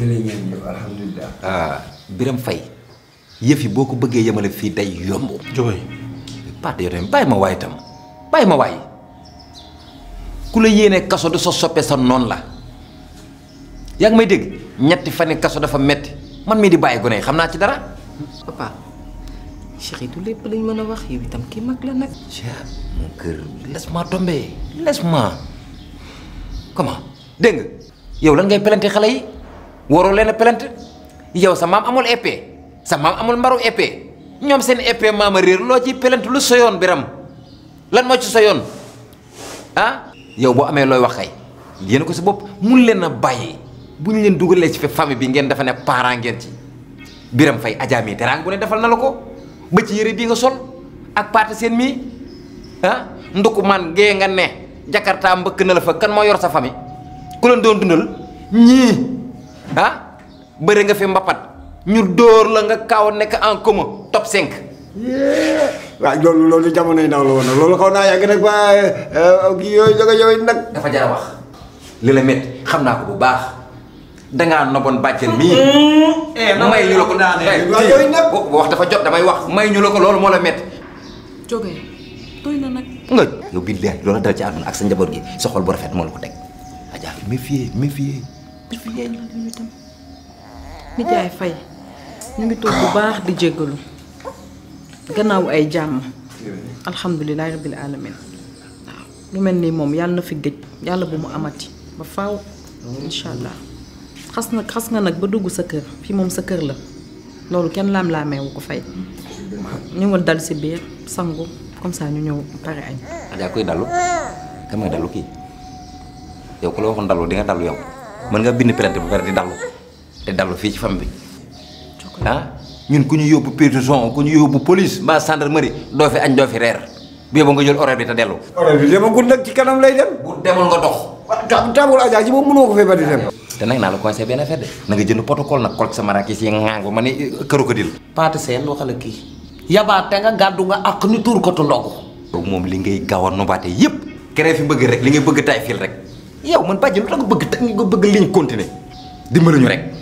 nii la alhamdulilah. ah biram Faye yëf yi boo ko bëggee yemale fii day yomb. Jobay. Pate yow tamit bàyyi ma waay itam bàyyi ma waay ku la yéenee kaso du sa soppe sa noonu la yaa ngi may dégg ñetti fani kaso dafa metti man mii di bàyyi gone yi xam naa ci dara. papa Cheikh yi du lépp lañ mën a wax yow itam kii mag la nag. Cheikh mon cœur laisse-moi tomber laisse-moi comment dégg nga yow lan ngay pelante xale yi woro len a yow sa mam amul épée e sa mam amul mbaru épée ñom seen épée e maama réer lo ci plainte lu soyon biram lan mo ci soyon ah yow ya, bo amé loy waxay yeen ko ci bop mun len na bàyyi buñ len leen ci fi famille bi ngeen dafa né parent ngeen ci biram fay ajaami terang bu ne defal nalako ba ci yére bi nga sol ak seen mi ah nduku man ge nga né jakarta mbeuk na la fa kan mo yor sa famille ku len doon dundal ñi ha beure nga fi mbapat ñu door la nga kaw nek en commun top 5 wa lolu lolu jamono ndaw la won lolu xawna yag nak ba gi yoy joge yoy nak dafa jara wax li la met xamna ko bu baax da nga nobon baccel mi eh may ñu lako daane yoy nak bu wax dafa jot damay wax may ñu lako lolu mo la met joge toy na nak nga yo bi billahi lolu dal ci aduna ak sa njabot gi sa xol bu rafet mo la ko tek aja mi méfier dafa yaay loolu yow itam fay ñu ngi toog bu baax di jéggalu gannaaw ay jàmm alhamdulilahi rabbil alamin waaw lu mel mom moom yàlla na fi gëj yàlla bu mu amati ba faaw incha allah xas na nga nag ba dugg sa kër fi mom sa kër la loolu kenn laam-laameewu ko fay ñëwal dal si biir sangu comme ça ñu ñëw pare añ yaa koy dalu kan mooy dalu kii yow dalu di nga dalu yow man nga bind plainte bu pare di dalu te dalu fi ci fam bi ha ah? ñun ku ñu yobbu prison ku ñu yobbu police ba gendarmerie do fi añ do fi rer bi ba nga jël horaire bi ta delu horaire bi demagul nak ci kanam lay dem bu demul nga dox tabul aja ji moom mënoo ko fe ba di dem te nak na la conseil benn affaire de na nga jënd protocole nak kol sa marakis yi ŋaang ba ma ne eh, kërokodil paate seen waxal ki yaba te nga gaddu nga ak ni tour ko tu ndogu mom li ngay gawa a nubaate yëpp kere fi bëgg rek li ngay bëgg tay fil rek yow man bàjj lu tax nga bëgg te nga bëgg liñ continuer dimbali ñu rek.